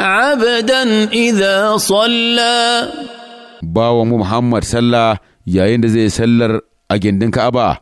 عبدا إذا صلى باو محمد صلى يا إن زي سلر أجندن كأبا